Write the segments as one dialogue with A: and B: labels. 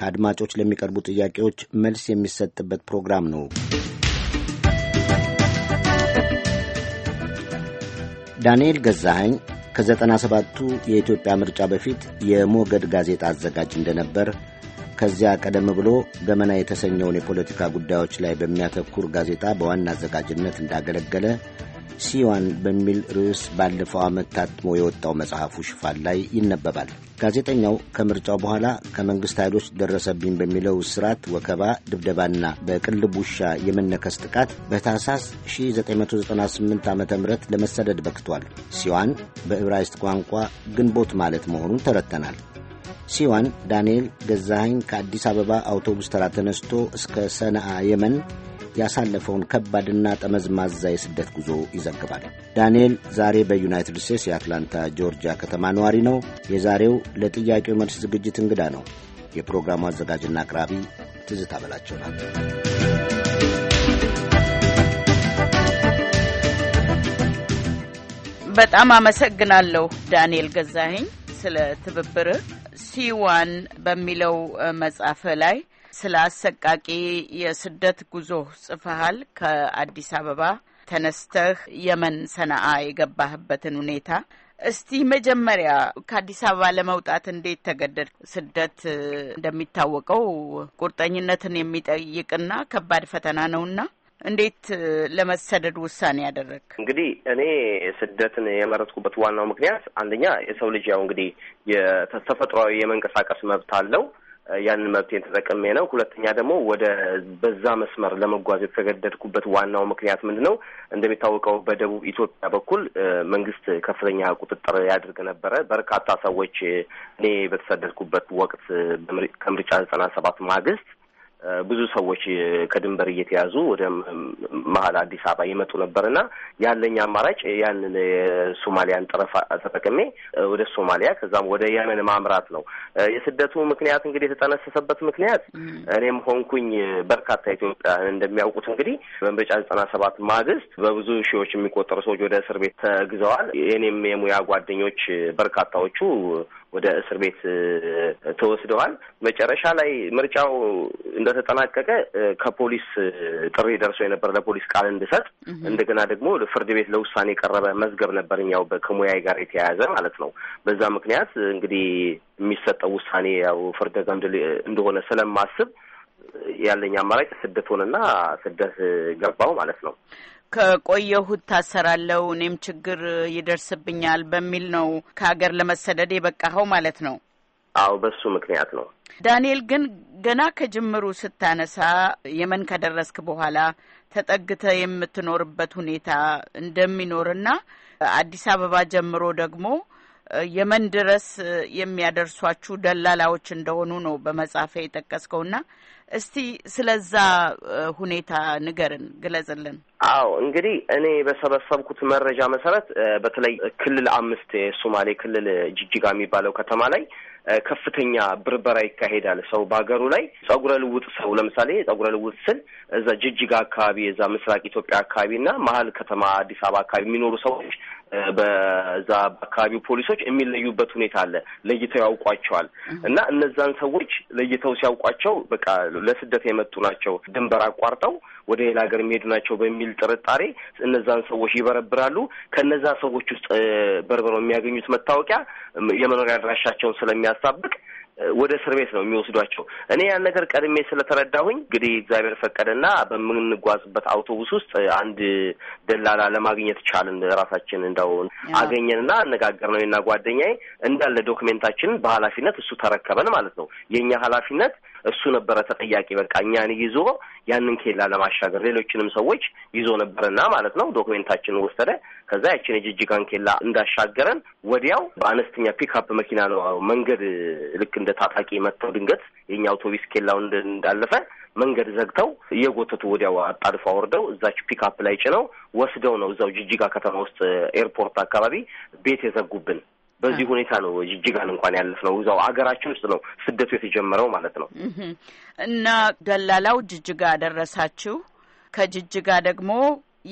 A: ከአድማጮች ለሚቀርቡ ጥያቄዎች መልስ የሚሰጥበት ፕሮግራም ነው። ዳንኤል ገዛኸኝ ከዘጠና ሰባቱ የኢትዮጵያ ምርጫ በፊት የሞገድ ጋዜጣ አዘጋጅ እንደነበር ከዚያ ቀደም ብሎ ገመና የተሰኘውን የፖለቲካ ጉዳዮች ላይ በሚያተኩር ጋዜጣ በዋና አዘጋጅነት እንዳገለገለ ሲዋን በሚል ርዕስ ባለፈው ዓመት ታትሞ የወጣው መጽሐፉ ሽፋን ላይ ይነበባል። ጋዜጠኛው ከምርጫው በኋላ ከመንግሥት ኃይሎች ደረሰብኝ በሚለው እስራት፣ ወከባ፣ ድብደባና በቅልብ ውሻ የመነከስ ጥቃት በታህሳስ 1998 ዓ ም ለመሰደድ በክቷል። ሲዋን በዕብራይስጥ ቋንቋ ግንቦት ማለት መሆኑን ተረተናል። ሲዋን ዳንኤል ገዛኸኝ ከአዲስ አበባ አውቶቡስ ተራ ተነስቶ እስከ ሰነአ የመን ያሳለፈውን ከባድና ጠመዝማዛ የስደት ጉዞ ይዘግባል። ዳንኤል ዛሬ በዩናይትድ ስቴትስ የአትላንታ ጆርጂያ ከተማ ነዋሪ ነው። የዛሬው ለጥያቄው መልስ ዝግጅት እንግዳ ነው። የፕሮግራሙ አዘጋጅና አቅራቢ ትዝታ በላቸው ናት።
B: በጣም አመሰግናለሁ ዳንኤል ገዛኸኝ ስለ ትብብርህ ሲዋን በሚለው መጽሐፍ ላይ ስለ አሰቃቂ የስደት ጉዞ ጽፈሃል። ከአዲስ አበባ ተነስተህ የመን ሰነአ የገባህበትን ሁኔታ እስቲ መጀመሪያ ከአዲስ አበባ ለመውጣት እንዴት ተገደድ ስደት እንደሚታወቀው ቁርጠኝነትን የሚጠይቅና ከባድ ፈተና ነውና እንዴት ለመሰደድ ውሳኔ ያደረግ?
C: እንግዲህ እኔ ስደትን የመረጥኩበት ዋናው ምክንያት አንደኛ የሰው ልጅ ያው እንግዲህ የተፈጥሯዊ የመንቀሳቀስ መብት አለው። ያንን መብቴን ተጠቅሜ ነው። ሁለተኛ ደግሞ ወደ በዛ መስመር ለመጓዝ የተገደድኩበት ዋናው ምክንያት ምንድን ነው? እንደሚታወቀው በደቡብ ኢትዮጵያ በኩል መንግስት ከፍተኛ ቁጥጥር ያድርግ ነበረ። በርካታ ሰዎች እኔ በተሰደድኩበት ወቅት ከምርጫ ዘጠና ሰባት ማግስት ብዙ ሰዎች ከድንበር እየተያዙ ወደ መሀል አዲስ አበባ ይመጡ ነበርና ያለኝ አማራጭ ያንን የሶማሊያን ጠረፍ ተጠቅሜ ወደ ሶማሊያ ከዛም ወደ የመን ማምራት ነው። የስደቱ ምክንያት እንግዲህ የተጠነሰሰበት ምክንያት እኔም ሆንኩኝ በርካታ ኢትዮጵያ እንደሚያውቁት እንግዲህ በምርጫ ዘጠና ሰባት ማግስት በብዙ ሺዎች የሚቆጠሩ ሰዎች ወደ እስር ቤት ተግዘዋል። የእኔም የሙያ ጓደኞች በርካታዎቹ ወደ እስር ቤት ተወስደዋል። መጨረሻ ላይ ምርጫው እንደተጠናቀቀ ከፖሊስ ጥሪ ደርሶ የነበረ ለፖሊስ ቃል እንድሰጥ እንደገና ደግሞ ፍርድ ቤት ለውሳኔ የቀረበ መዝገብ ነበር እኛው ከሙያዬ ጋር የተያያዘ ማለት ነው። በዛ ምክንያት እንግዲህ የሚሰጠው ውሳኔ ያው ፍርደ ገምድ እንደሆነ ስለማስብ ያለኝ አማራጭ ስደት ሆነና ስደት ገባው ማለት ነው።
B: ከቆየሁት ታሰራለው፣ እኔም ችግር ይደርስብኛል በሚል ነው ከሀገር ለመሰደድ የበቃኸው ማለት ነው? አዎ በሱ ምክንያት ነው። ዳንኤል ግን ገና ከጅምሩ ስታነሳ የመን ከደረስክ በኋላ ተጠግተ የምትኖርበት ሁኔታ እንደሚኖርና አዲስ አበባ ጀምሮ ደግሞ የመን ድረስ የሚያደርሷችሁ ደላላዎች እንደሆኑ ነው በመጽሐፊያ የጠቀስከውና እስቲ ስለዛ ሁኔታ ንገርን፣ ግለጽልን።
C: አዎ እንግዲህ እኔ በሰበሰብኩት መረጃ መሰረት በተለይ ክልል አምስት የሶማሌ ክልል ጅጅጋ የሚባለው ከተማ ላይ ከፍተኛ ብርበራ ይካሄዳል። ሰው በሀገሩ ላይ ጸጉረ ልውጥ ሰው ለምሳሌ ጸጉረ ልውጥ ስል እዛ ጅጅጋ አካባቢ፣ እዛ ምስራቅ ኢትዮጵያ አካባቢ እና መሀል ከተማ አዲስ አበባ አካባቢ የሚኖሩ ሰዎች በዛ በአካባቢው ፖሊሶች የሚለዩበት ሁኔታ አለ። ለይተው ያውቋቸዋል እና እነዛን ሰዎች ለይተው ሲያውቋቸው በቃ ለስደት የመጡ ናቸው፣ ድንበር አቋርጠው ወደ ሌላ ሀገር የሚሄዱ ናቸው በሚል ጥርጣሬ እነዛን ሰዎች ይበረብራሉ። ከነዛ ሰዎች ውስጥ በርብረው የሚያገኙት መታወቂያ የመኖሪያ አድራሻቸውን ስለሚያሳብቅ ወደ እስር ቤት ነው የሚወስዷቸው። እኔ ያን ነገር ቀድሜ ስለተረዳሁኝ እንግዲህ እግዚአብሔር ፈቀደና በምንጓዝበት አውቶቡስ ውስጥ አንድ ደላላ ለማግኘት ቻልን። ራሳችን እንዳው አገኘንና አነጋገር ነው እና ጓደኛዬ እንዳለ ዶክሜንታችንን በኃላፊነት እሱ ተረከበን ማለት ነው። የእኛ ኃላፊነት እሱ ነበረ ተጠያቂ። በቃ እኛን ይዞ ያንን ኬላ ለማሻገር ሌሎችንም ሰዎች ይዞ ነበርና ማለት ነው። ዶክሜንታችንን ወሰደ። ከዛ ያችን የጅጅጋን ኬላ እንዳሻገረን ወዲያው በአነስተኛ ፒክአፕ መኪና ነው መንገድ ልክ እንደ ታጣቂ መጥተው ድንገት የኛ አውቶቢስ ኬላው እንዳለፈ መንገድ ዘግተው እየጎተቱ ወዲያው አጣድፎ አወርደው እዛች ፒክአፕ ላይ ጭነው ወስደው ነው እዛው ጅጅጋ ከተማ ውስጥ ኤርፖርት አካባቢ ቤት የዘጉብን። በዚህ ሁኔታ ነው ጅጅጋን እንኳን ያለፍ ነው። እዛው አገራችን ውስጥ ነው ስደቱ የተጀመረው ማለት ነው።
B: እና ደላላው ጅጅጋ ደረሳችሁ። ከጅጅጋ ደግሞ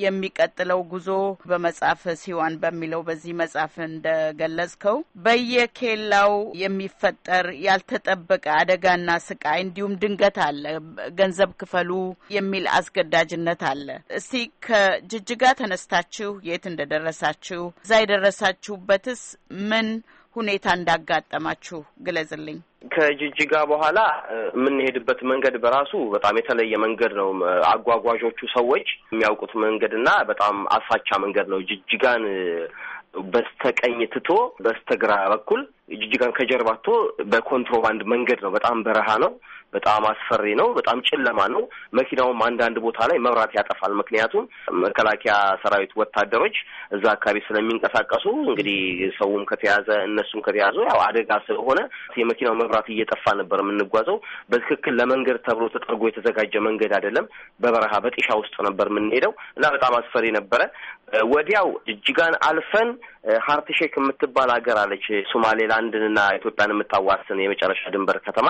B: የሚቀጥለው ጉዞ በመጽሐፍ ሲዋን በሚለው በዚህ መጽሐፍ እንደገለጽከው በየኬላው የሚፈጠር ያልተጠበቀ አደጋና ስቃይ እንዲሁም ድንገት አለ። ገንዘብ ክፈሉ የሚል አስገዳጅነት አለ። እስቲ ከጅጅጋ ተነስታችሁ የት እንደደረሳችሁ እዛ የደረሳችሁበትስ ምን ሁኔታ እንዳጋጠማችሁ ግለጽልኝ።
C: ከጅጅጋ በኋላ የምንሄድበት መንገድ በራሱ በጣም የተለየ መንገድ ነው። አጓጓዦቹ ሰዎች የሚያውቁት መንገድ እና በጣም አሳቻ መንገድ ነው። ጅጅጋን በስተቀኝ ትቶ በስተግራ በኩል እጅጋን ከጀርባቶ በኮንትሮባንድ መንገድ ነው። በጣም በረሃ ነው። በጣም አስፈሪ ነው። በጣም ጨለማ ነው። መኪናውም አንዳንድ ቦታ ላይ መብራት ያጠፋል። ምክንያቱም መከላከያ ሰራዊት ወታደሮች እዛ አካባቢ ስለሚንቀሳቀሱ እንግዲህ ሰውም ከተያዘ እነሱም ከተያዙ ያው አደጋ ስለሆነ የመኪናው መብራት እየጠፋ ነበር የምንጓዘው። በትክክል ለመንገድ ተብሎ ተጠርጎ የተዘጋጀ መንገድ አይደለም። በበረሃ በጢሻ ውስጥ ነበር የምንሄደው እና በጣም አስፈሪ ነበረ። ወዲያው ጅጅጋን አልፈን ሀርትሼክ የምትባል ሀገር አለች ሶማሌላ አንድንና ኢትዮጵያን የምታዋስን የመጨረሻ ድንበር ከተማ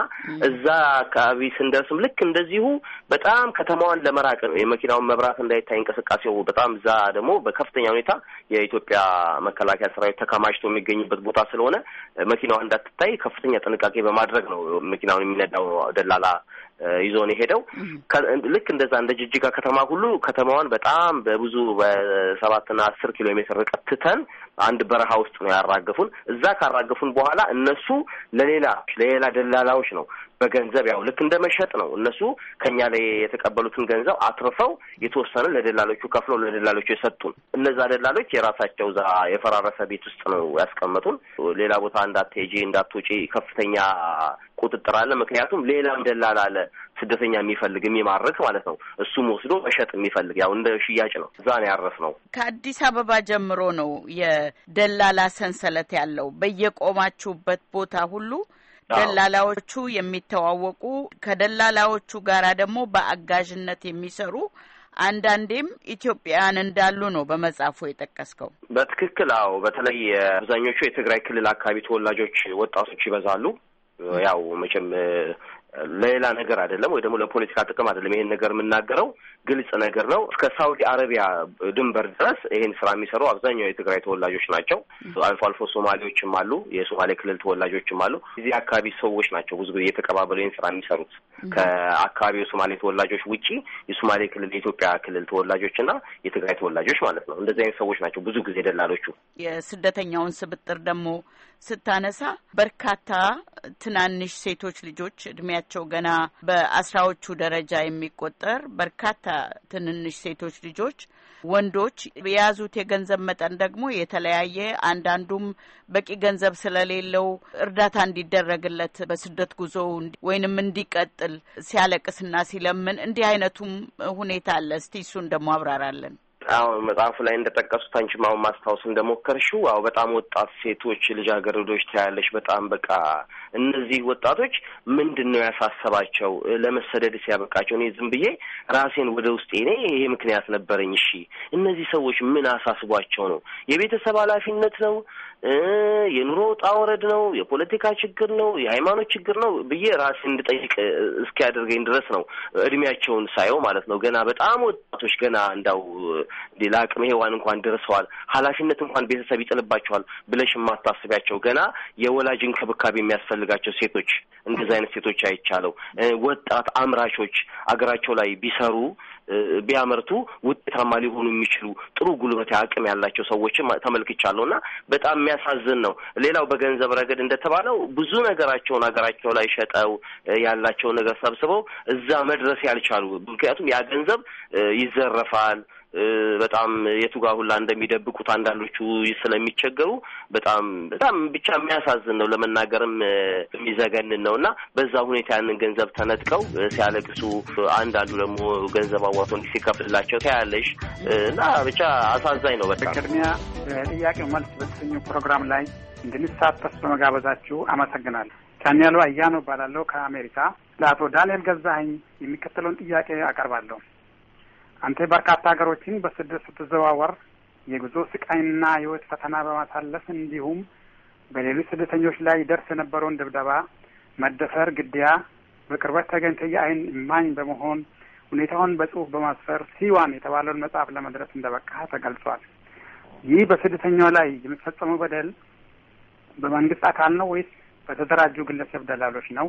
C: እዛ አካባቢ ስንደርስም ልክ እንደዚሁ በጣም ከተማዋን ለመራቅ ነው የመኪናውን መብራት እንዳይታይ እንቅስቃሴው በጣም እዛ ደግሞ በከፍተኛ ሁኔታ የኢትዮጵያ መከላከያ ሰራዊት ተከማችቶ የሚገኝበት ቦታ ስለሆነ መኪናዋ እንዳትታይ ከፍተኛ ጥንቃቄ በማድረግ ነው መኪናውን የሚነዳው ደላላ ነው የሄደው ልክ እንደዛ እንደ ጅጅጋ ከተማ ሁሉ ከተማዋን በጣም በብዙ በሰባትና አስር ኪሎ ሜትር ርቀት ትተን አንድ በረሃ ውስጥ ነው ያራገፉን። እዛ ካራገፉን በኋላ እነሱ ለሌላ ለሌላ ደላላዎች ነው በገንዘብ ያው ልክ እንደ መሸጥ ነው። እነሱ ከኛ ላይ የተቀበሉትን ገንዘብ አትርፈው የተወሰነ ለደላሎቹ ከፍለው ለደላሎቹ የሰጡን። እነዛ ደላሎች የራሳቸው ዛ የፈራረሰ ቤት ውስጥ ነው ያስቀመጡን። ሌላ ቦታ እንዳትሄጂ እንዳትወጪ ከፍተኛ ቁጥጥር አለ። ምክንያቱም ሌላም ደላላ አለ ስደተኛ የሚፈልግ የሚማርክ ማለት ነው። እሱም ወስዶ መሸጥ የሚፈልግ ያው እንደ ሽያጭ ነው። እዛ ነው ያረፍ ነው።
B: ከአዲስ አበባ ጀምሮ ነው የደላላ ሰንሰለት ያለው በየቆማችሁበት ቦታ ሁሉ ደላላዎቹ የሚተዋወቁ ከደላላዎቹ ጋራ ደግሞ በአጋዥነት የሚሰሩ አንዳንዴም ኢትዮጵያውያን እንዳሉ ነው በመጽሐፉ የጠቀስከው።
C: በትክክል አዎ። በተለይ አብዛኞቹ የትግራይ ክልል አካባቢ ተወላጆች ወጣቶች ይበዛሉ። ያው መቼም ለሌላ ነገር አይደለም፣ ወይ ደግሞ ለፖለቲካ ጥቅም አይደለም። ይሄን ነገር የምናገረው ግልጽ ነገር ነው። እስከ ሳውዲ አረቢያ ድንበር ድረስ ይሄን ስራ የሚሰሩ አብዛኛው የትግራይ ተወላጆች ናቸው። አልፎ አልፎ ሶማሌዎችም አሉ፣ የሶማሌ ክልል ተወላጆችም አሉ። እዚህ አካባቢ ሰዎች ናቸው ብዙ ጊዜ እየተቀባበሉ ይህን ስራ የሚሰሩት ከአካባቢው የሶማሌ ተወላጆች ውጪ የሶማሌ ክልል፣ የኢትዮጵያ ክልል ተወላጆች እና የትግራይ ተወላጆች ማለት ነው። እንደዚህ አይነት ሰዎች ናቸው ብዙ ጊዜ ደላሎቹ።
B: የስደተኛውን ስብጥር ደግሞ ስታነሳ በርካታ ትናንሽ ሴቶች ልጆች እድሜያቸው ገና በአስራዎቹ ደረጃ የሚቆጠር በርካታ ትንንሽ ሴቶች ልጆች ወንዶች የያዙት የገንዘብ መጠን ደግሞ የተለያየ፣ አንዳንዱም በቂ ገንዘብ ስለሌለው እርዳታ እንዲደረግለት በስደት ጉዞ ወይንም እንዲቀጥል ሲያለቅስና ሲለምን እንዲህ አይነቱም ሁኔታ አለ። እስቲ እሱን ደግሞ አብራራለን።
C: መጽሐፉ ላይ እንደጠቀሱት አንቺም አሁን ማስታወስ እንደሞከርሽው አዎ፣ በጣም ወጣት ሴቶች ልጃገረዶች ታያለሽ። በጣም በቃ እነዚህ ወጣቶች ምንድን ነው ያሳሰባቸው ለመሰደድ ሲያበቃቸው? እኔ ዝም ብዬ ራሴን ወደ ውስጤ እኔ ይሄ ምክንያት ነበረኝ። እሺ እነዚህ ሰዎች ምን አሳስቧቸው ነው? የቤተሰብ ኃላፊነት ነው? የኑሮ ውጣ ነው? የፖለቲካ ችግር ነው? የሃይማኖት ችግር ነው ብዬ ራሴን እንድጠይቅ እስኪያደርገኝ ድረስ ነው። እድሜያቸውን ሳየው ማለት ነው። ገና በጣም ወጣቶች ገና እንዳው ለአቅመ ሔዋን እንኳን ደርሰዋል። ኃላፊነት እንኳን ቤተሰብ ይጥልባቸዋል ብለሽ የማታስቢያቸው ገና የወላጅ እንክብካቤ የሚያስፈል የምንፈልጋቸው ሴቶች እንደዚህ አይነት ሴቶች አይቻለው ወጣት አምራቾች አገራቸው ላይ ቢሰሩ ቢያመርቱ ውጤታማ ሊሆኑ የሚችሉ ጥሩ ጉልበት አቅም ያላቸው ሰዎችን ተመልክቻለሁ እና በጣም የሚያሳዝን ነው። ሌላው በገንዘብ ረገድ እንደተባለው ብዙ ነገራቸውን ሀገራቸው ላይ ሸጠው ያላቸውን ነገር ሰብስበው እዛ መድረስ ያልቻሉ ምክንያቱም ያ ገንዘብ ይዘረፋል በጣም የቱጋ ሁላ እንደሚደብቁት አንዳንዶቹ ስለሚቸገሩ በጣም በጣም ብቻ የሚያሳዝን ነው፣ ለመናገርም የሚዘገንን ነው እና በዛ ሁኔታ ያንን ገንዘብ ተነጥቀው ሲያለቅሱ፣ አንዳንዱ ደግሞ ገንዘብ አዋቶ እንዲህ ሲከፍልላቸው ታያለሽ እና ብቻ አሳዛኝ ነው በጣም። በቅድሚያ
D: ጥያቄው መልስ በተሰኘው ፕሮግራም ላይ እንድንሳተፍ በመጋበዛችሁ አመሰግናለሁ። ዳንኤሉ አያኖ እባላለሁ ከአሜሪካ። ለአቶ ዳንኤል ገዛኸኝ የሚከተለውን ጥያቄ አቀርባለሁ። አንተ በርካታ ሀገሮችን በስደት ስትዘዋወር የጉዞ ስቃይና የህይወት ፈተና በማሳለፍ እንዲሁም በሌሎች ስደተኞች ላይ ደርስ የነበረውን ድብደባ፣ መደፈር፣ ግድያ በቅርበት ተገኝተ የአይን እማኝ በመሆን ሁኔታውን በጽሁፍ በማስፈር ሲዋን የተባለውን መጽሐፍ ለመድረስ እንደበቃ ተገልጿል። ይህ በስደተኛው ላይ የሚፈጸመው በደል በመንግስት አካል ነው ወይስ በተደራጁ ግለሰብ ደላሎች ነው?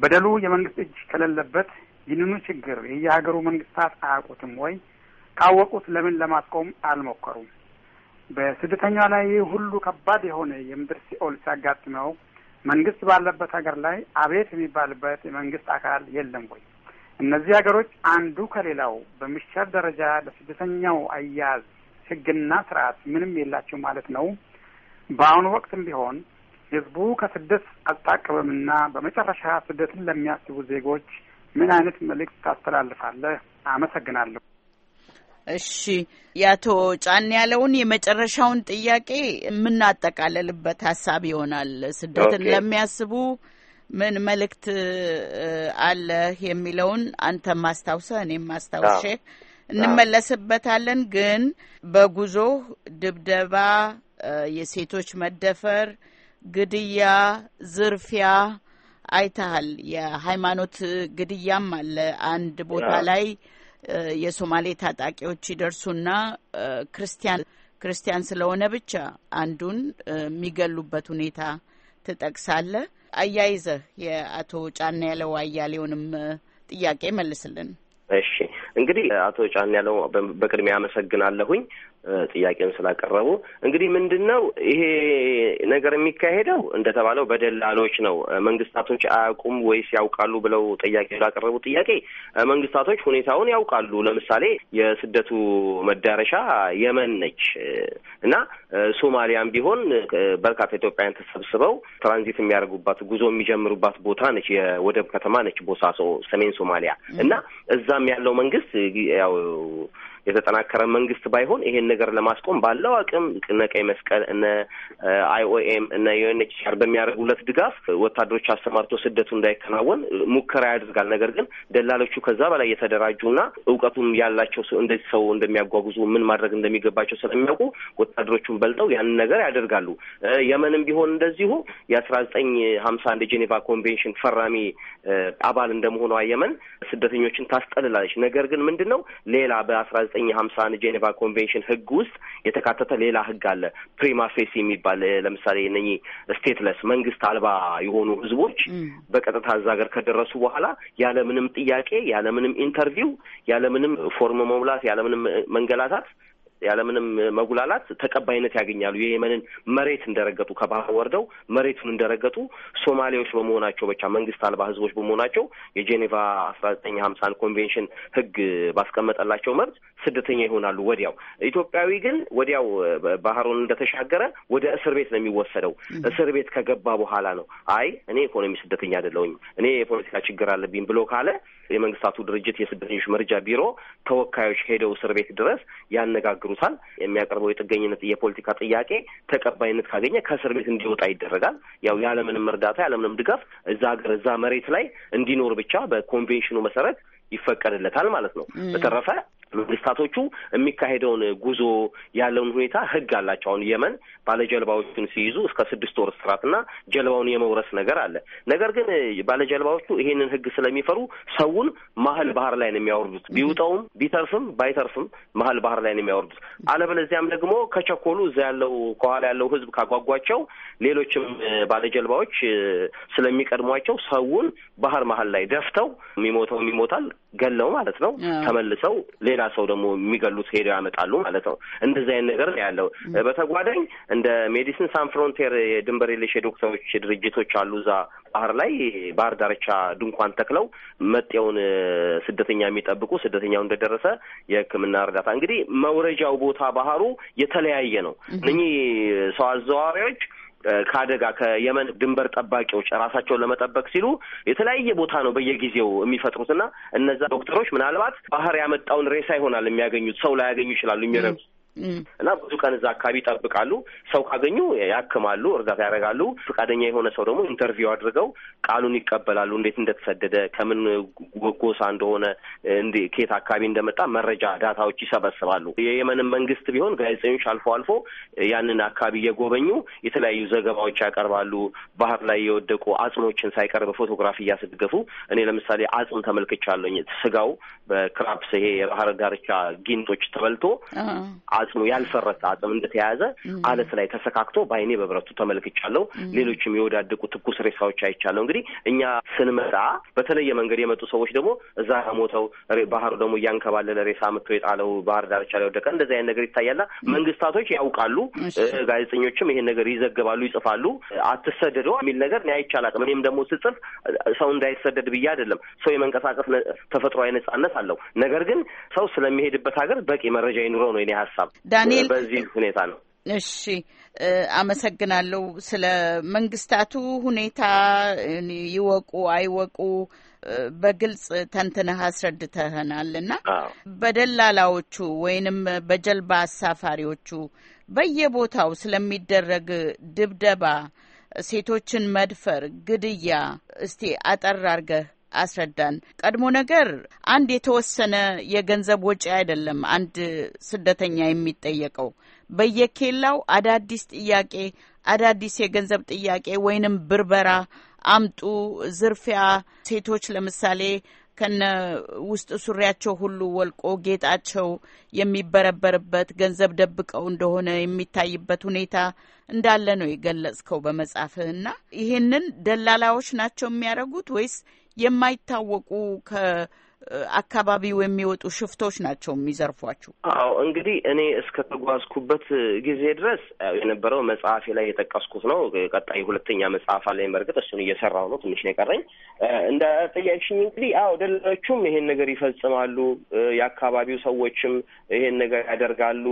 D: በደሉ የመንግስት እጅ ከሌለበት ይህንኑ ችግር የየሀገሩ መንግስታት አያውቁትም ወይ? ካወቁት ለምን ለማስቆም አልሞከሩም? በስደተኛ ላይ ይህ ሁሉ ከባድ የሆነ የምድር ሲኦል ሲያጋጥመው መንግስት ባለበት ሀገር ላይ አቤት የሚባልበት የመንግስት አካል የለም ወይ? እነዚህ ሀገሮች አንዱ ከሌላው በሚሻል ደረጃ ለስደተኛው አያያዝ ህግና ስርዓት ምንም የላቸው ማለት ነው። በአሁኑ ወቅትም ቢሆን ህዝቡ ከስደት አልታቀበምና በመጨረሻ ስደትን ለሚያስቡ ዜጎች ምን አይነት መልእክት ታስተላልፋለህ? አመሰግናለሁ። እሺ
B: የአቶ ጫን ያለውን የመጨረሻውን ጥያቄ የምናጠቃለልበት ሀሳብ ይሆናል። ስደትን ለሚያስቡ ምን መልእክት አለህ የሚለውን አንተ ማስታውሰህ እኔም ማስታውሼ እንመለስበታለን። ግን በጉዞ ድብደባ፣ የሴቶች መደፈር፣ ግድያ፣ ዝርፊያ አይተሃል። የሃይማኖት ግድያም አለ። አንድ ቦታ ላይ የሶማሌ ታጣቂዎች ይደርሱና ክርስቲያን ክርስቲያን ስለሆነ ብቻ አንዱን የሚገሉበት ሁኔታ ትጠቅሳለ አያይዘህ የአቶ ጫና ያለው አያሌውንም ጥያቄ መልስልን።
C: እሺ እንግዲህ አቶ ጫን ያለው በቅድሚያ አመሰግናለሁኝ። ጥያቄም ስላቀረቡ እንግዲህ ምንድን ነው ይሄ ነገር የሚካሄደው እንደተባለው በደላሎች ነው። መንግስታቶች አያውቁም ወይስ ያውቃሉ ብለው ጥያቄ ላቀረቡ ጥያቄ መንግስታቶች ሁኔታውን ያውቃሉ። ለምሳሌ የስደቱ መዳረሻ የመን ነች እና ሶማሊያም ቢሆን በርካታ ኢትዮጵያውያን ተሰብስበው ትራንዚት የሚያደርጉባት ጉዞ የሚጀምሩባት ቦታ ነች። የወደብ ከተማ ነች ቦሳሶ፣ ሰሜን ሶማሊያ እና እዛም ያለው መንግስት ያው የተጠናከረ መንግስት ባይሆን ይሄን ነገር ለማስቆም ባለው አቅም እነ ቀይ መስቀል እነ አይኦኤም እነ ዩኤንኤችሲአር በሚያደርጉለት ድጋፍ ወታደሮች አሰማርቶ ስደቱ እንዳይከናወን ሙከራ ያደርጋል። ነገር ግን ደላሎቹ ከዛ በላይ የተደራጁ እና እውቀቱም ያላቸው እንደዚህ ሰው እንደሚያጓጉዙ ምን ማድረግ እንደሚገባቸው ስለሚያውቁ ወታደሮቹን በልጠው ያንን ነገር ያደርጋሉ። የመንም ቢሆን እንደዚሁ የአስራ ዘጠኝ ሀምሳ አንድ የጄኔቫ ኮንቬንሽን ፈራሚ አባል እንደመሆኗ የመን ስደተኞችን ታስጠልላለች። ነገር ግን ምንድን ነው ሌላ በአስራ ዘጠኝ ዘጠኝ የሀምሳ ጄኔቫ ኮንቬንሽን ህግ ውስጥ የተካተተ ሌላ ህግ አለ። ፕሪማ ፌሲ የሚባል ለምሳሌ እነ ስቴትለስ መንግስት አልባ የሆኑ ህዝቦች በቀጥታ እዛ ሀገር ከደረሱ በኋላ ያለምንም ጥያቄ፣ ያለምንም ኢንተርቪው፣ ያለምንም ፎርም መሙላት፣ ያለምንም መንገላታት ያለምንም መጉላላት ተቀባይነት ያገኛሉ። የየመንን መሬት እንደረገጡ ከባህር ወርደው መሬቱን እንደረገጡ ሶማሌዎች በመሆናቸው ብቻ መንግስት አልባ ህዝቦች በመሆናቸው የጄኔቫ አስራ ዘጠኝ ሀምሳን ኮንቬንሽን ህግ ባስቀመጠላቸው መብት ስደተኛ ይሆናሉ። ወዲያው ኢትዮጵያዊ ግን ወዲያው ባህሩን እንደተሻገረ ወደ እስር ቤት ነው የሚወሰደው። እስር ቤት ከገባ በኋላ ነው አይ እኔ ኢኮኖሚ ስደተኛ አይደለሁኝ እኔ የፖለቲካ ችግር አለብኝ ብሎ ካለ የመንግስታቱ ድርጅት የስደተኞች መርጃ ቢሮ ተወካዮች ሄደው እስር ቤት ድረስ ያነጋግሩታል። የሚያቀርበው የጥገኝነት የፖለቲካ ጥያቄ ተቀባይነት ካገኘ ከእስር ቤት እንዲወጣ ይደረጋል። ያው ያለምንም እርዳታ ያለምንም ድጋፍ እዛ ሀገር እዛ መሬት ላይ እንዲኖር ብቻ በኮንቬንሽኑ መሰረት ይፈቀድለታል ማለት ነው። በተረፈ መንግስታቶቹ የሚካሄደውን ጉዞ ያለውን ሁኔታ ህግ አላቸው። አሁን የመን ባለጀልባዎቹን ሲይዙ እስከ ስድስት ወር እስራትና ጀልባውን የመውረስ ነገር አለ። ነገር ግን ባለጀልባዎቹ ይሄንን ህግ ስለሚፈሩ ሰውን መሀል ባህር ላይ ነው የሚያወርዱት። ቢውጠውም ቢተርፍም ባይተርፍም መሀል ባህር ላይ ነው የሚያወርዱት። አለበለዚያም ደግሞ ከቸኮሉ እዛ ያለው ከኋላ ያለው ህዝብ ካጓጓቸው ሌሎችም ባለጀልባዎች ስለሚቀድሟቸው ሰውን ባህር መሀል ላይ ደፍተው የሚሞተው ይሞታል፣ ገለው ማለት ነው ተመልሰው ሌላ ሰው ደግሞ የሚገሉት ሄደው ያመጣሉ ማለት ነው። እንደዚህ አይነት ነገር ነው ያለው። በተጓዳኝ እንደ ሜዲሲን ሳን ፍሮንቴር የድንበር የለሽ የዶክተሮች ድርጅቶች አሉ። እዛ ባህር ላይ ባህር ዳርቻ ድንኳን ተክለው መጤውን ስደተኛ የሚጠብቁ ስደተኛው እንደደረሰ የሕክምና እርዳታ እንግዲህ መውረጃው ቦታ ባህሩ የተለያየ ነው። እኚህ ሰው አዘዋዋሪዎች ከአደጋ ከየመን ድንበር ጠባቂዎች ራሳቸውን ለመጠበቅ ሲሉ የተለያየ ቦታ ነው በየጊዜው የሚፈጥሩት እና እነዛ ዶክተሮች ምናልባት ባህር ያመጣውን ሬሳ ይሆናል የሚያገኙት ሰው ላያገኙ ይችላሉ የሚረዱት እና ብዙ ቀን እዛ አካባቢ ይጠብቃሉ። ሰው ካገኙ ያክማሉ፣ እርዳታ ያደርጋሉ። ፈቃደኛ የሆነ ሰው ደግሞ ኢንተርቪው አድርገው ቃሉን ይቀበላሉ። እንዴት እንደተሰደደ፣ ከምን ጎሳ እንደሆነ፣ ከየት አካባቢ እንደመጣ መረጃ ዳታዎች ይሰበስባሉ። የየመንን መንግስት ቢሆን ጋዜጠኞች አልፎ አልፎ ያንን አካባቢ እየጎበኙ የተለያዩ ዘገባዎች ያቀርባሉ። ባህር ላይ የወደቁ አጽሞችን ሳይቀር በፎቶግራፊ እያስደገፉ እኔ ለምሳሌ አጽም ተመልክቻለኝ። ስጋው በክራፕስ ይሄ የባህር ዳርቻ ጊንጦች ተበልቶ ነው ያልፈረሰ አጥም እንደተያያዘ አለት ላይ ተሰካክቶ በአይኔ በብረቱ ተመልክቻለሁ። ሌሎችም የወዳደቁ ትኩስ ሬሳዎች አይቻለሁ። እንግዲህ እኛ ስንመጣ በተለየ መንገድ የመጡ ሰዎች ደግሞ እዛ ሞተው ባህሩ ደግሞ እያንከባለለ ሬሳ መጥቶ የጣለው ባህር ዳርቻ ላይ ወደቀ። እንደዚህ አይነት ነገር ይታያልና መንግስታቶች ያውቃሉ፣ ጋዜጠኞችም ይሄን ነገር ይዘግባሉ፣ ይጽፋሉ። አትሰደደው የሚል ነገር እኔ አይቼ አላውቅም። እኔም ደግሞ ስጽፍ ሰው እንዳይሰደድ ብዬ አይደለም። ሰው የመንቀሳቀስ ተፈጥሯዊ ነጻነት አለው። ነገር ግን ሰው ስለሚሄድበት ሀገር በቂ መረጃ ይኑረው ነው የኔ ሀሳብ። ዳንኤል በዚህ ሁኔታ ነው።
B: እሺ አመሰግናለሁ። ስለ መንግስታቱ ሁኔታ ይወቁ አይወቁ በግልጽ ተንትነህ አስረድተህናል እና በደላላዎቹ ወይንም በጀልባ አሳፋሪዎቹ በየቦታው ስለሚደረግ ድብደባ፣ ሴቶችን መድፈር፣ ግድያ እስቲ አጠር አርገህ አስረዳን። ቀድሞ ነገር አንድ የተወሰነ የገንዘብ ወጪ አይደለም አንድ ስደተኛ የሚጠየቀው። በየኬላው አዳዲስ ጥያቄ፣ አዳዲስ የገንዘብ ጥያቄ ወይንም ብርበራ፣ አምጡ፣ ዝርፊያ፣ ሴቶች ለምሳሌ ከነ ውስጥ ሱሪያቸው ሁሉ ወልቆ ጌጣቸው የሚበረበርበት ገንዘብ ደብቀው እንደሆነ የሚታይበት ሁኔታ እንዳለ ነው የገለጽከው በመጻፍህ እና ይህንን ደላላዎች ናቸው የሚያደርጉት ወይስ የማይታወቁ አካባቢው የሚወጡ ሽፍቶች ናቸው የሚዘርፏችሁ?
C: አዎ እንግዲህ እኔ እስከ ተጓዝኩበት ጊዜ ድረስ የነበረው መጽሐፌ ላይ የጠቀስኩት ነው። ቀጣይ ሁለተኛ መጽሐፍ ላይ በእርግጥ እሱን እየሰራሁ ነው። ትንሽ ነው የቀረኝ። እንደ ጠየቅሽኝ እንግዲህ አዎ ደላሎቹም ይሄን ነገር ይፈጽማሉ። የአካባቢው ሰዎችም ይሄን ነገር ያደርጋሉ።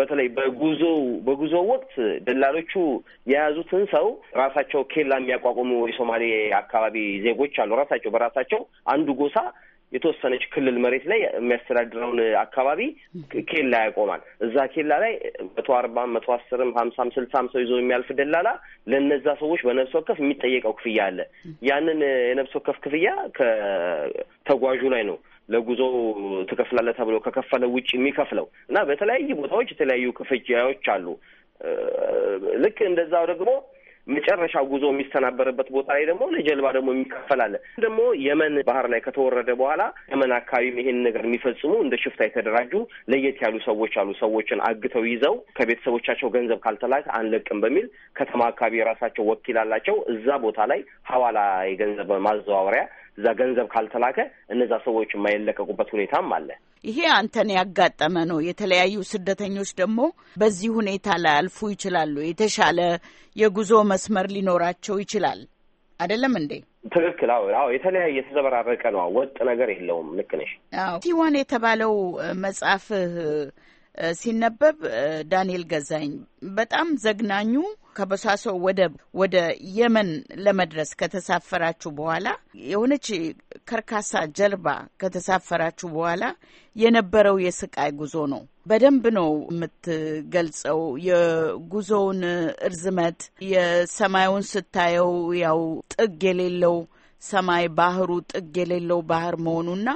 C: በተለይ በጉዞ በጉዞ ወቅት ደላሎቹ የያዙትን ሰው ራሳቸው ኬላ የሚያቋቁሙ የሶማሌ አካባቢ ዜጎች አሉ። ራሳቸው በራሳቸው አንዱ ጎሳ የተወሰነች ክልል መሬት ላይ የሚያስተዳድረውን አካባቢ ኬላ ያቆማል። እዛ ኬላ ላይ መቶ አርባም መቶ አስርም ሀምሳም ስልሳም ሰው ይዞ የሚያልፍ ደላላ ለነዛ ሰዎች በነብስ ወከፍ የሚጠየቀው ክፍያ አለ። ያንን የነብስ ወከፍ ክፍያ ከተጓዡ ላይ ነው ለጉዞ ትከፍላለህ ተብሎ ከከፈለ ውጭ የሚከፍለው እና በተለያዩ ቦታዎች የተለያዩ ክፍያዎች አሉ። ልክ እንደዛው ደግሞ መጨረሻ ጉዞ የሚሰናበርበት ቦታ ላይ ደግሞ ለጀልባ ደግሞ የሚከፈላለ ደግሞ የመን ባህር ላይ ከተወረደ በኋላ የመን አካባቢም ይሄን ነገር የሚፈጽሙ እንደ ሽፍታ የተደራጁ ለየት ያሉ ሰዎች አሉ። ሰዎችን አግተው ይዘው ከቤተሰቦቻቸው ገንዘብ ካልተላክ አንለቅም በሚል ከተማ አካባቢ የራሳቸው ወኪል አላቸው። እዛ ቦታ ላይ ሀዋላ የገንዘብ ማዘዋወሪያ እዛ ገንዘብ ካልተላከ እነዛ ሰዎች የማይለቀቁበት ሁኔታም አለ።
B: ይሄ አንተን ያጋጠመ ነው። የተለያዩ ስደተኞች ደግሞ በዚህ ሁኔታ ላይ አልፉ ይችላሉ። የተሻለ የጉዞ መስመር ሊኖራቸው ይችላል። አይደለም እንዴ?
C: ትክክል። አዎ፣ አዎ። የተለያየ የተዘበራረቀ ነው። ወጥ ነገር የለውም። ልክ ነሽ።
B: አዎ። ቲዋን የተባለው መጽሐፍህ ሲነበብ ዳንኤል ገዛኝ በጣም ዘግናኙ ከበሳሶ ወደብ ወደ የመን ለመድረስ ከተሳፈራችሁ በኋላ የሆነች ከርካሳ ጀልባ ከተሳፈራችሁ በኋላ የነበረው የስቃይ ጉዞ ነው። በደንብ ነው የምትገልጸው የጉዞውን እርዝመት። የሰማዩን ስታየው ያው ጥግ የሌለው ሰማይ ባህሩ ጥግ የሌለው ባህር መሆኑና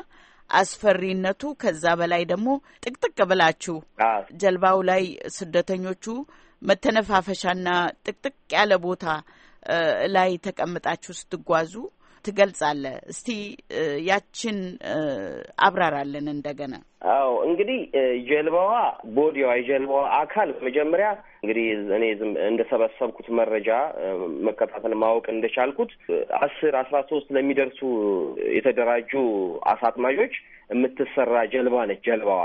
B: አስፈሪነቱ ከዛ በላይ ደግሞ ጥቅጥቅ ብላችሁ ጀልባው ላይ ስደተኞቹ መተነፋፈሻና ጥቅጥቅ ያለ ቦታ ላይ ተቀምጣችሁ ስትጓዙ ትገልጻለ። እስቲ ያችን አብራራለን እንደገና።
C: አዎ እንግዲህ ጀልባዋ ቦዲዋ የጀልባዋ አካል መጀመሪያ እንግዲህ እኔ እንደሰበሰብኩት መረጃ መከታተል ማወቅ እንደቻልኩት አስር አስራ ሶስት ለሚደርሱ የተደራጁ አሳ አጥማጆች የምትሰራ ጀልባ ነች ጀልባዋ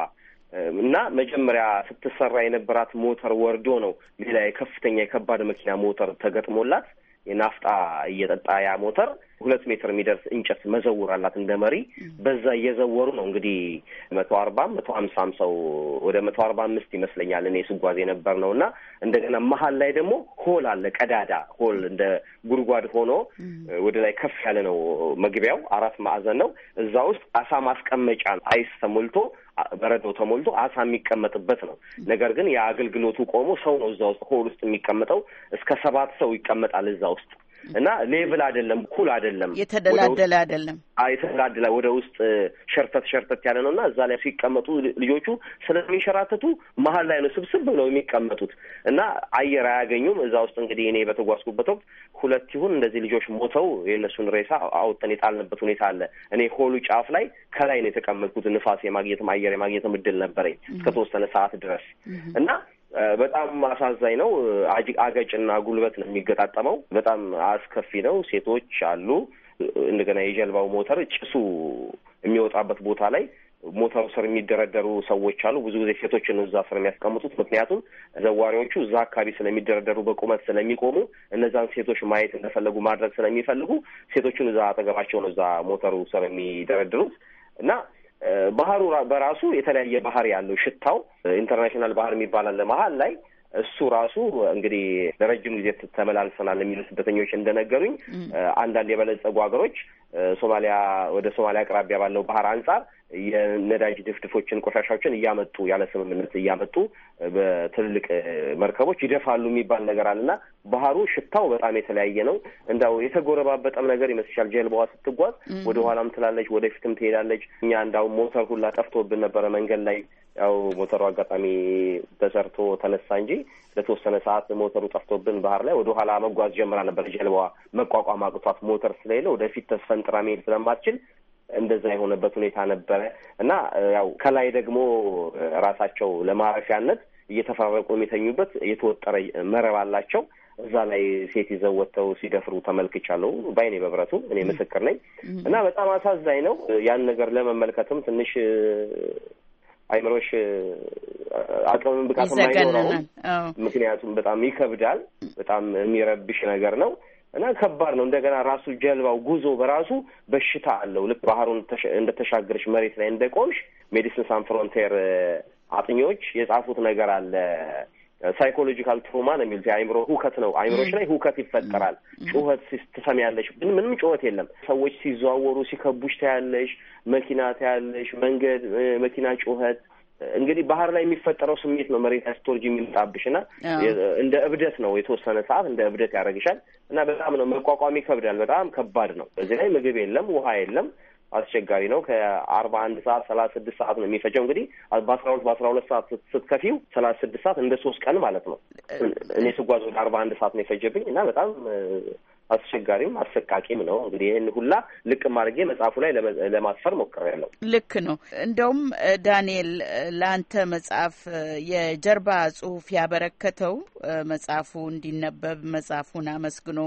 C: እና መጀመሪያ ስትሰራ የነበራት ሞተር ወርዶ ነው ሌላ የከፍተኛ የከባድ መኪና ሞተር ተገጥሞላት የናፍጣ እየጠጣ ያ ሞተር ሁለት ሜትር የሚደርስ እንጨት መዘውር አላት እንደ መሪ። በዛ እየዘወሩ ነው እንግዲህ መቶ አርባም መቶ ሀምሳም ሰው ወደ መቶ አርባ አምስት ይመስለኛል እኔ ስጓዝ የነበር ነው እና እንደገና መሀል ላይ ደግሞ ሆል አለ፣ ቀዳዳ ሆል እንደ ጉድጓድ ሆኖ ወደ ላይ ከፍ ያለ ነው መግቢያው። አራት ማዕዘን ነው። እዛ ውስጥ አሳ ማስቀመጫ አይስ ተሞልቶ በረዶ ተሞልቶ አሳ የሚቀመጥበት ነው። ነገር ግን የአገልግሎቱ ቆሞ ሰው ነው እዛ ውስጥ ሆል ውስጥ የሚቀመጠው እስከ ሰባት ሰው ይቀመጣል እዛ ውስጥ እና ሌቭል አይደለም፣ ኩል አይደለም፣ የተደላደለ አይደለም። የተደላደለ ወደ ውስጥ ሸርተት ሸርተት ያለ ነው እና እዛ ላይ ሲቀመጡ ልጆቹ ስለሚንሸራተቱ መሀል ላይ ነው ስብስብ ብለው የሚቀመጡት እና አየር አያገኙም። እዛ ውስጥ እንግዲህ እኔ በተጓዝኩበት ወቅት ሁለት ይሁን እንደዚህ ልጆች ሞተው የእነሱን ሬሳ አውጥተን የጣልንበት ሁኔታ አለ። እኔ ሆሉ ጫፍ ላይ ከላይ ነው የተቀመጥኩት። ንፋስ የማግኘትም አየር የማግኘትም እድል ነበረኝ እስከ ተወሰነ ሰዓት ድረስ እና በጣም አሳዛኝ ነው። አገጭና ጉልበት ነው የሚገጣጠመው። በጣም አስከፊ ነው። ሴቶች አሉ። እንደገና የጀልባው ሞተር ጭሱ የሚወጣበት ቦታ ላይ ሞተሩ ስር የሚደረደሩ ሰዎች አሉ። ብዙ ጊዜ ሴቶችን እዛ ስር የሚያስቀምጡት ምክንያቱም ዘዋሪዎቹ እዛ አካባቢ ስለሚደረደሩ በቁመት ስለሚቆሙ እነዛን ሴቶች ማየት እንደፈለጉ ማድረግ ስለሚፈልጉ ሴቶቹን እዛ ነው እዛ ሞተሩ ስር የሚደረድሩት እና ባህሩ በራሱ የተለያየ ባህር ያለው ሽታው ኢንተርናሽናል ባህር የሚባል አለ መሀል ላይ እሱ ራሱ እንግዲህ ለረጅም ጊዜ ተመላልሰናል የሚሉ ስደተኞች እንደነገሩኝ አንዳንድ የበለጸጉ ሀገሮች ሶማሊያ ወደ ሶማሊያ አቅራቢያ ባለው ባህር አንጻር የነዳጅ ድፍድፎችን፣ ቆሻሻዎችን እያመጡ ያለ ስምምነት እያመጡ በትልልቅ መርከቦች ይደፋሉ የሚባል ነገር አለና ባህሩ ሽታው በጣም የተለያየ ነው። እንዳው የተጎረባበጠም ነገር ይመስልሻል። ጀልባዋ ስትጓዝ ወደ ኋላም ትላለች፣ ወደፊትም ትሄዳለች። እኛ እንዳው ሞተር ሁላ ጠፍቶብን ነበረ መንገድ ላይ ያው ሞተሩ አጋጣሚ ተሰርቶ ተነሳ እንጂ ለተወሰነ ሰዓት ሞተሩ ጠፍቶብን ባህር ላይ ወደ ኋላ መጓዝ ጀምራ ነበር። ጀልባዋ መቋቋም አቅቷት ሞተር ስለሌለ ወደፊት ተስፈንጥራ መሄድ ስለማትችል እንደዛ የሆነበት ሁኔታ ነበረ እና ያው ከላይ ደግሞ ራሳቸው ለማረፊያነት እየተፈራረቁ የሚተኙበት የተወጠረ መረብ አላቸው። እዛ ላይ ሴት ይዘው ወጥተው ሲደፍሩ ተመልክቻለሁ ባይኔ በብረቱ እኔ ምስክር ነኝ። እና በጣም አሳዛኝ ነው። ያን ነገር ለመመልከትም ትንሽ አይምሮሽ አቅምም ብቃት ማይኖረው ምክንያቱም በጣም ይከብዳል። በጣም የሚረብሽ ነገር ነው እና ከባድ ነው። እንደገና ራሱ ጀልባው ጉዞ በራሱ በሽታ አለው። ልክ ባህሩን እንደተሻገርች መሬት ላይ እንደቆምሽ ሜዲሲን ሳን ፍሮንቴር አጥኚዎች የጻፉት ነገር አለ ሳይኮሎጂካል ትሮማ ነው የሚሉት የአይምሮ ሁከት ነው። አይምሮች ላይ ሁከት ይፈጠራል። ጩኸት ትሰሚያለሽ፣ ግን ምንም ጩኸት የለም። ሰዎች ሲዘዋወሩ ሲከቡሽ ታያለሽ፣ መኪና ታያለሽ፣ መንገድ መኪና ጩኸት። እንግዲህ ባህር ላይ የሚፈጠረው ስሜት ነው መሬት አስትወርጅ የሚመጣብሽ እና እንደ እብደት ነው የተወሰነ ሰዓት እንደ እብደት ያደርግሻል እና በጣም ነው መቋቋም ይከብዳል። በጣም ከባድ ነው። በዚህ ላይ ምግብ የለም፣ ውሃ የለም አስቸጋሪ ነው። ከአርባ አንድ ሰዓት ሰላሳ ስድስት ሰዓት ነው የሚፈጀው እንግዲህ በአስራ ሁለት በአስራ ሁለት ሰዓት ስትከፊው ሰላሳ ስድስት ሰዓት እንደ ሶስት ቀን ማለት ነው። እኔ ስጓዝ ወደ አርባ አንድ ሰዓት ነው የፈጀብኝ እና በጣም አስቸጋሪም አሰቃቂም ነው። እንግዲህ ይህን ሁላ ልቅ ማድረጌ መጽሐፉ ላይ ለማስፈር ያለው
B: ልክ ነው። እንደውም ዳንኤል ለአንተ መጽሐፍ የጀርባ ጽሁፍ ያበረከተው መጽሐፉ እንዲነበብ መጽሐፉን አመስግኖ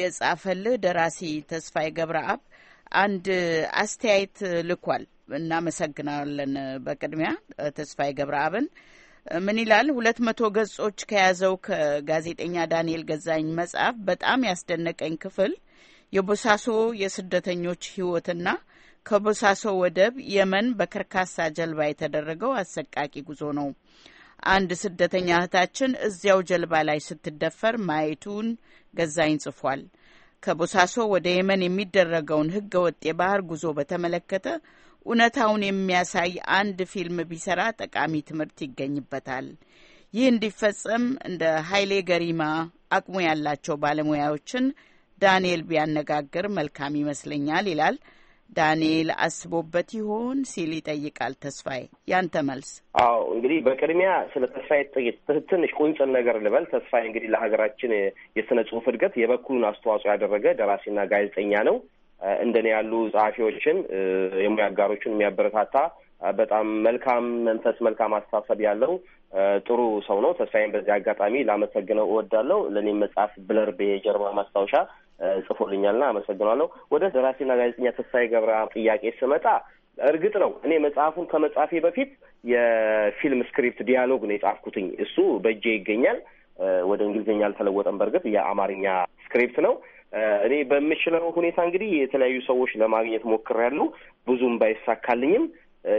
B: የጻፈልህ ደራሲ ተስፋዬ ገብረአብ አንድ አስተያየት ልኳል። እናመሰግናለን። በቅድሚያ ተስፋዬ ገብረአብን ምን ይላል? ሁለት መቶ ገጾች ከያዘው ከጋዜጠኛ ዳንኤል ገዛኝ መጽሐፍ በጣም ያስደነቀኝ ክፍል የቦሳሶ የስደተኞች ህይወትና ከቦሳሶ ወደብ የመን በከርካሳ ጀልባ የተደረገው አሰቃቂ ጉዞ ነው። አንድ ስደተኛ እህታችን እዚያው ጀልባ ላይ ስትደፈር ማየቱን ገዛኝ ጽፏል። ከቦሳሶ ወደ የመን የሚደረገውን ህገ ወጥ የባህር ጉዞ በተመለከተ እውነታውን የሚያሳይ አንድ ፊልም ቢሰራ ጠቃሚ ትምህርት ይገኝበታል። ይህ እንዲፈጸም እንደ ኃይሌ ገሪማ አቅሙ ያላቸው ባለሙያዎችን ዳንኤል ቢያነጋግር መልካም ይመስለኛል ይላል። ዳንኤል አስቦበት ይሆን ሲል ይጠይቃል ተስፋዬ። ያንተ መልስ?
C: አዎ እንግዲህ በቅድሚያ ስለ ተስፋዬ ጥቂት ትንሽ ቁንጽል ነገር ልበል። ተስፋዬ እንግዲህ ለሀገራችን የስነ ጽሁፍ እድገት የበኩሉን አስተዋጽኦ ያደረገ ደራሲና ጋዜጠኛ ነው። እንደኔ ያሉ ጸሐፊዎችን የሙያ አጋሮችን የሚያበረታታ በጣም መልካም መንፈስ፣ መልካም አስተሳሰብ ያለው ጥሩ ሰው ነው። ተስፋዬን በዚህ አጋጣሚ ላመሰግነው እወዳለሁ። ለእኔም መጽሐፍ ብለርቤ የጀርባ ማስታወሻ ጽፎልኛልና አመሰግናለሁ። ወደ ደራሲና ጋዜጠኛ ተስፋዬ ገብረ ጥያቄ ስመጣ እርግጥ ነው እኔ መጽሐፉን ከመጻፌ በፊት የፊልም ስክሪፕት ዲያሎግ ነው የጻፍኩትኝ። እሱ በእጄ ይገኛል። ወደ እንግሊዝኛ አልተለወጠም። በእርግጥ የአማርኛ ስክሪፕት ነው። እኔ በምችለው ሁኔታ እንግዲህ የተለያዩ ሰዎች ለማግኘት ሞክሬያለሁ። ብዙም ባይሳካልኝም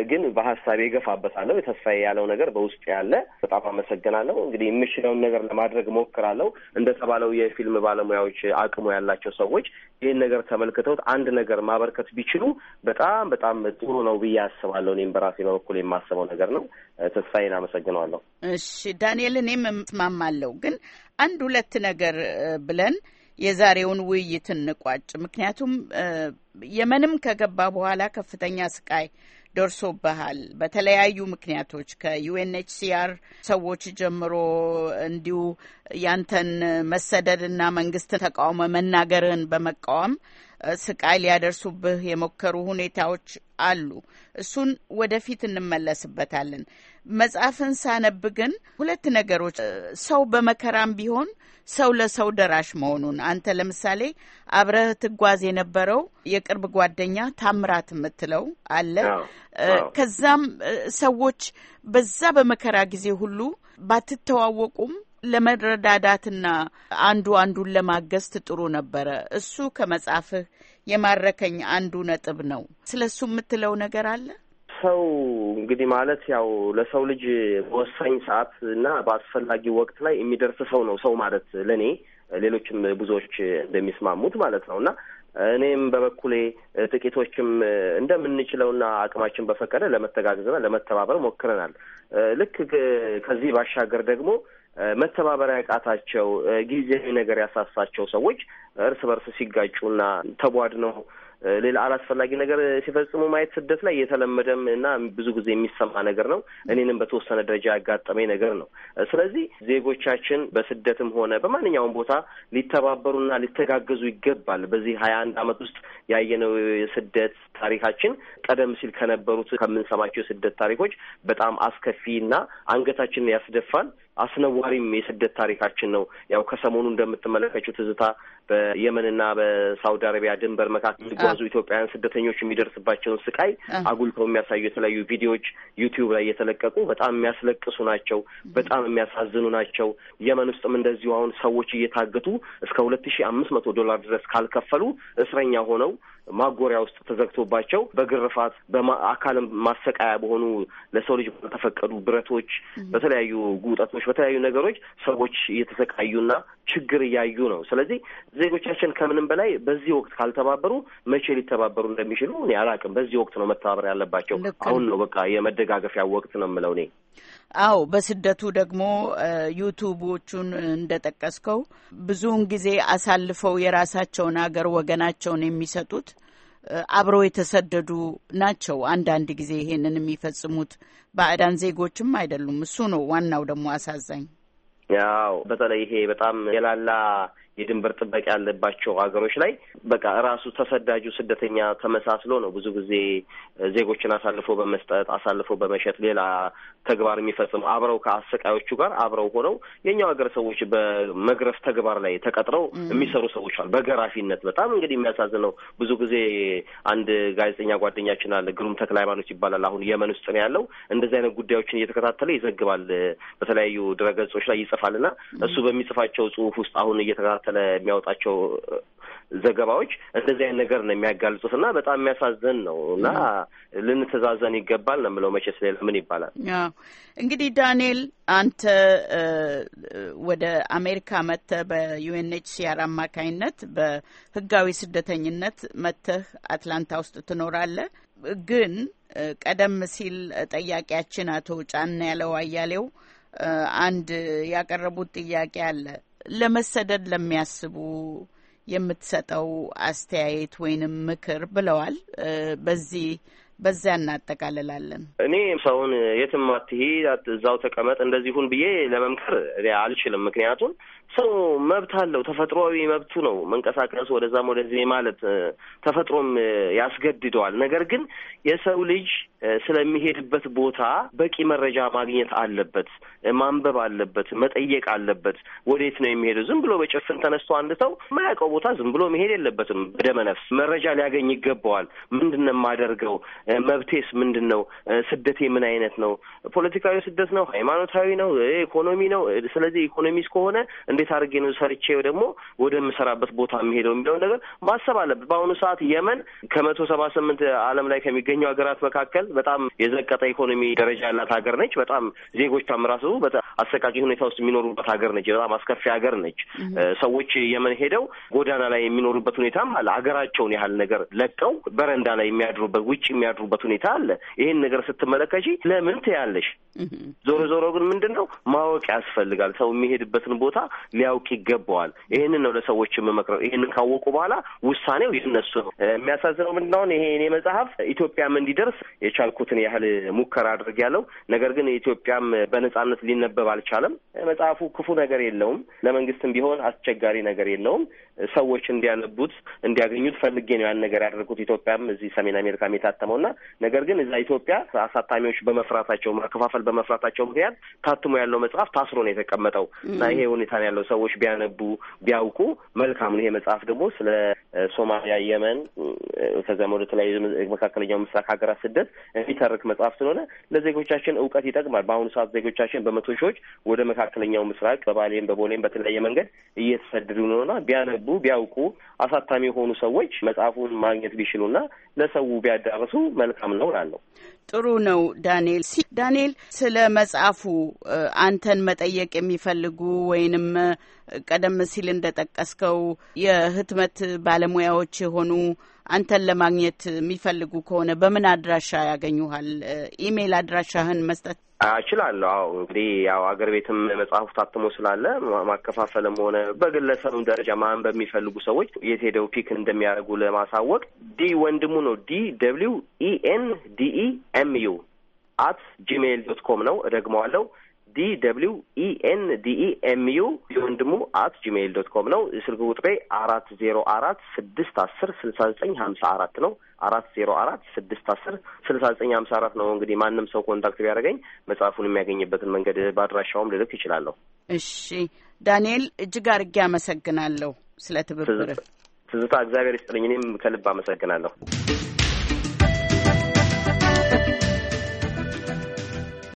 C: ግን በሀሳብ የገፋበታለሁ። ተስፋዬ ያለው ነገር በውስጥ ያለ በጣም አመሰግናለሁ። እንግዲህ የምችለውን ነገር ለማድረግ ሞክራለሁ። እንደተባለው የፊልም ባለሙያዎች፣ አቅሙ ያላቸው ሰዎች ይህን ነገር ተመልክተውት አንድ ነገር ማበርከት ቢችሉ በጣም በጣም ጥሩ ነው ብዬ አስባለሁ። እኔም በራሴ በበኩል የማስበው ነገር ነው። ተስፋዬን አመሰግነዋለሁ።
B: እሺ ዳንኤል፣ እኔም የምስማማለሁ። ግን አንድ ሁለት ነገር ብለን የዛሬውን ውይይት እንቋጭ። ምክንያቱም የመንም ከገባ በኋላ ከፍተኛ ስቃይ ደርሶብሃል በተለያዩ ምክንያቶች ከዩኤንኤችሲአር ሰዎች ጀምሮ እንዲሁ ያንተን መሰደድና መንግስትን ተቃውሞ መናገርህን በመቃወም ስቃይ ሊያደርሱብህ የሞከሩ ሁኔታዎች አሉ። እሱን ወደፊት እንመለስበታለን። መጽሐፍን ሳነብ ግን ሁለት ነገሮች ሰው በመከራም ቢሆን ሰው ለሰው ደራሽ መሆኑን አንተ ለምሳሌ አብረህ ትጓዝ የነበረው የቅርብ ጓደኛ ታምራት የምትለው አለ። ከዛም ሰዎች በዛ በመከራ ጊዜ ሁሉ ባትተዋወቁም ለመረዳዳትና አንዱ አንዱን ለማገዝ ትጥሩ ነበረ። እሱ ከመጽሐፍህ የማረከኝ አንዱ ነጥብ ነው። ስለ እሱ የምትለው ነገር አለ?
C: ሰው እንግዲህ ማለት ያው ለሰው ልጅ በወሳኝ ሰዓት እና በአስፈላጊ ወቅት ላይ የሚደርስ ሰው ነው ሰው ማለት ለእኔ፣ ሌሎችም ብዙዎች እንደሚስማሙት ማለት ነው እና እኔም በበኩሌ ጥቂቶችም እንደምንችለውና አቅማችን በፈቀደ ለመተጋገዝና ለመተባበር ሞክረናል። ልክ ከዚህ ባሻገር ደግሞ መተባበሪያ ያቃታቸው ጊዜያዊ ነገር ያሳሳቸው ሰዎች እርስ በርስ ሲጋጩና ተቧድነው ሌላ አላስፈላጊ ነገር ሲፈጽሙ ማየት ስደት ላይ የተለመደም እና ብዙ ጊዜ የሚሰማ ነገር ነው። እኔንም በተወሰነ ደረጃ ያጋጠመኝ ነገር ነው። ስለዚህ ዜጎቻችን በስደትም ሆነ በማንኛውም ቦታ ሊተባበሩና ሊተጋገዙ ይገባል። በዚህ ሀያ አንድ አመት ውስጥ ያየነው የስደት ታሪካችን ቀደም ሲል ከነበሩት ከምንሰማቸው የስደት ታሪኮች በጣም እና አንገታችንን ያስደፋል አስነዋሪም የስደት ታሪካችን ነው። ያው ከሰሞኑ እንደምትመለከችው ትዝታ በየመንና በሳውዲ አረቢያ ድንበር መካከል ሲጓዙ ኢትዮጵያውያን ስደተኞች የሚደርስባቸውን ስቃይ አጉልተው የሚያሳዩ የተለያዩ ቪዲዮዎች ዩቲዩብ ላይ እየተለቀቁ በጣም የሚያስለቅሱ ናቸው። በጣም የሚያሳዝኑ ናቸው። የመን ውስጥም እንደዚሁ አሁን ሰዎች እየታገቱ እስከ ሁለት ሺ አምስት መቶ ዶላር ድረስ ካልከፈሉ እስረኛ ሆነው ማጎሪያ ውስጥ ተዘግቶባቸው በግርፋት በአካልም ማሰቃያ በሆኑ ለሰው ልጅ ባልተፈቀዱ ብረቶች፣ በተለያዩ ጉጠቶች፣ በተለያዩ ነገሮች ሰዎች እየተሰቃዩና ችግር እያዩ ነው። ስለዚህ ዜጎቻችን ከምንም በላይ በዚህ ወቅት ካልተባበሩ መቼ ሊተባበሩ እንደሚችሉ እኔ አላቅም በዚህ ወቅት ነው መተባበር ያለባቸው። አሁን ነው በቃ የመደጋገፊያ ወቅት ነው የምለው እኔ።
B: አዎ በስደቱ ደግሞ ዩቱቦቹን እንደጠቀስከው ብዙውን ጊዜ አሳልፈው የራሳቸውን ሀገር ወገናቸውን የሚሰጡት አብረው የተሰደዱ ናቸው። አንዳንድ ጊዜ ይሄንን የሚፈጽሙት ባዕዳን ዜጎችም አይደሉም። እሱ ነው ዋናው ደግሞ አሳዛኝ።
C: ያው በተለይ ይሄ በጣም የላላ የድንበር ጥበቃ ያለባቸው ሀገሮች ላይ በቃ ራሱ ተሰዳጁ ስደተኛ ተመሳስሎ ነው ብዙ ጊዜ ዜጎችን አሳልፎ በመስጠት አሳልፎ በመሸጥ ሌላ ተግባር የሚፈጽሙ አብረው ከአሰቃዮቹ ጋር አብረው ሆነው የኛው ሀገር ሰዎች በመግረፍ ተግባር ላይ ተቀጥረው የሚሰሩ ሰዎች አሉ። በገራፊነት በጣም እንግዲህ የሚያሳዝን ነው። ብዙ ጊዜ አንድ ጋዜጠኛ ጓደኛችን አለ፣ ግሩም ተክለ ሃይማኖት ይባላል። አሁን የመን ውስጥ ነው ያለው። እንደዚህ አይነት ጉዳዮችን እየተከታተለ ይዘግባል፣ በተለያዩ ድረገጾች ላይ ይጽፋል እና እሱ በሚጽፋቸው ጽሁፍ ውስጥ አሁን እየተከታተለ እየተከታተለ የሚያወጣቸው ዘገባዎች እንደዚህ አይነት ነገር ነው የሚያጋልጹት እና በጣም የሚያሳዝን ነው እና ልንተዛዘን ይገባል ነው የምለው። መቼ ሌላ ምን ይባላል?
B: እንግዲህ ዳንኤል አንተ ወደ አሜሪካ መጥተህ በዩኤንኤችሲአር አማካኝነት በህጋዊ ስደተኝነት መጥተህ አትላንታ ውስጥ ትኖራለህ ግን ቀደም ሲል ጠያቂያችን አቶ ጫና ያለው አያሌው አንድ ያቀረቡት ጥያቄ አለ። ለመሰደድ ለሚያስቡ የምትሰጠው አስተያየት ወይንም ምክር ብለዋል። በዚህ በዚያ እናጠቃልላለን።
C: እኔ ሰውን የትም አትሄድ እዛው ተቀመጥ፣ እንደዚህ ሁን ብዬ ለመምከር አልችልም። ምክንያቱም ሰው መብት አለው፣ ተፈጥሯዊ መብቱ ነው መንቀሳቀስ፣ ወደዛም ወደዚህ ማለት ተፈጥሮም ያስገድደዋል። ነገር ግን የሰው ልጅ ስለሚሄድበት ቦታ በቂ መረጃ ማግኘት አለበት፣ ማንበብ አለበት፣ መጠየቅ አለበት። ወዴት ነው የሚሄደው? ዝም ብሎ በጭፍን ተነስቶ አንድ ሰው የማያውቀው ቦታ ዝም ብሎ መሄድ የለበትም። በደመ መረጃ ሊያገኝ ይገባዋል። ምንድን ነው የማደርገው? መብቴስ ምንድን ነው? ስደቴ ምን አይነት ነው? ፖለቲካዊ ስደት ነው? ሃይማኖታዊ ነው? ኢኮኖሚ ነው? ስለዚህ ኢኮኖሚስ ከሆነ እንዴት አድርጌ ነው ሰርቼ ደግሞ ወደምሰራበት ቦታ የሚሄደው የሚለውን ነገር ማሰብ አለበት። በአሁኑ ሰዓት የመን ከመቶ ሰባ ስምንት ዓለም ላይ ከሚገኙ ሀገራት መካከል በጣም የዘቀጠ ኢኮኖሚ ደረጃ ያላት ሀገር ነች። በጣም ዜጎቿም ራሱ አሰቃቂ ሁኔታ ውስጥ የሚኖሩበት ሀገር ነች። በጣም አስከፊ ሀገር ነች። ሰዎች የመን ሄደው ጎዳና ላይ የሚኖሩበት ሁኔታም አለ። ሀገራቸውን ያህል ነገር ለቀው በረንዳ ላይ የሚያድሩበት ውጭ የሚያድሩበት ሁኔታ አለ። ይህን ነገር ስትመለከሺ ለምን ትያለሽ? ዞሮ ዞሮ ግን ምንድን ነው ማወቅ ያስፈልጋል። ሰው የሚሄድበትን ቦታ ሊያውቅ ይገባዋል። ይህንን ነው ለሰዎች የምመክረው። ይህንን ካወቁ በኋላ ውሳኔው የእነሱ ነው። የሚያሳዝነው ምንድን ነው ይሄ እኔ መጽሐፍ ኢትዮጵያም እንዲደርስ የቻ የቻልኩትን ያህል ሙከራ ያለው ነገር ግን ኢትዮጵያም በነጻነት ሊነበብ አልቻለም። መጽሐፉ ክፉ ነገር የለውም። ለመንግስትም ቢሆን አስቸጋሪ ነገር የለውም። ሰዎች እንዲያነቡት እንዲያገኙት ፈልጌ ነው ያን ነገር ያደረኩት። ኢትዮጵያም እዚህ ሰሜን አሜሪካ የታተመው እና ነገር ግን እዛ ኢትዮጵያ አሳታሚዎች በመፍራታቸው ማከፋፈል በመፍራታቸው ምክንያት ታትሞ ያለው መጽሐፍ ታስሮ ነው የተቀመጠው እና ይሄ ሁኔታ ነው ያለው። ሰዎች ቢያነቡ ቢያውቁ መልካም ነው። ይሄ መጽሐፍ ደግሞ ስለ ሶማሊያ፣ የመን ከዚያም ወደ ተለያዩ መካከለኛው ምስራቅ ሀገራት ስደት የሚተርክ መጽሐፍ ስለሆነ ለዜጎቻችን እውቀት ይጠቅማል። በአሁኑ ሰዓት ዜጎቻችን በመቶ ሺዎች ወደ መካከለኛው ምስራቅ በባሌም በቦሌም በተለያየ መንገድ እየተሰደዱ ነውና ቢያነ ቢያነቡ ቢያውቁ አሳታሚ የሆኑ ሰዎች መጽሐፉን ማግኘት ቢችሉና ለሰው ቢያዳርሱ መልካም ነው እላለሁ።
B: ጥሩ ነው ዳንኤል። ዳንኤል ስለ መጽሐፉ አንተን መጠየቅ የሚፈልጉ ወይንም ቀደም ሲል እንደጠቀስከው የህትመት ባለሙያዎች የሆኑ አንተን ለማግኘት የሚፈልጉ ከሆነ በምን አድራሻ ያገኙሃል? ኢሜይል አድራሻህን መስጠት
C: እችላለሁ። አዎ እንግዲህ ያው አገር ቤትም መጽሐፉ ታትሞ ስላለ ማከፋፈልም ሆነ በግለሰብም ደረጃ ማንበብ የሚፈልጉ ሰዎች የት ሄደው ፒክ እንደሚያደርጉ ለማሳወቅ ዲ ወንድሙ ነው። ዲ ደብሊው ኢኤን ዲኢ ኤም ዩ አት ጂሜይል ዶት ኮም ነው። እደግመዋለሁ። ዲ ደብሊው ኢ ኤን ኤም ዩ የወንድሙ አት ጂሜይል ዶት ኮም ነው። ስልክ ቁጥሬ አራት ዜሮ አራት ስድስት አስር ስልሳ ዘጠኝ ሀምሳ አራት ነው። አራት ዜሮ አራት ስድስት አስር ስልሳ ዘጠኝ ሀምሳ አራት ነው። እንግዲህ ማንም ሰው ኮንታክት ቢያደርገኝ መጽሐፉን የሚያገኝበትን መንገድ በአድራሻውም ልልክ ይችላለሁ።
B: እሺ ዳንኤል፣ እጅግ አድርጌ አመሰግናለሁ ስለ ትብብር
C: ትዝታ። እግዚአብሔር ይስጥልኝ። እኔም ከልብ አመሰግናለሁ።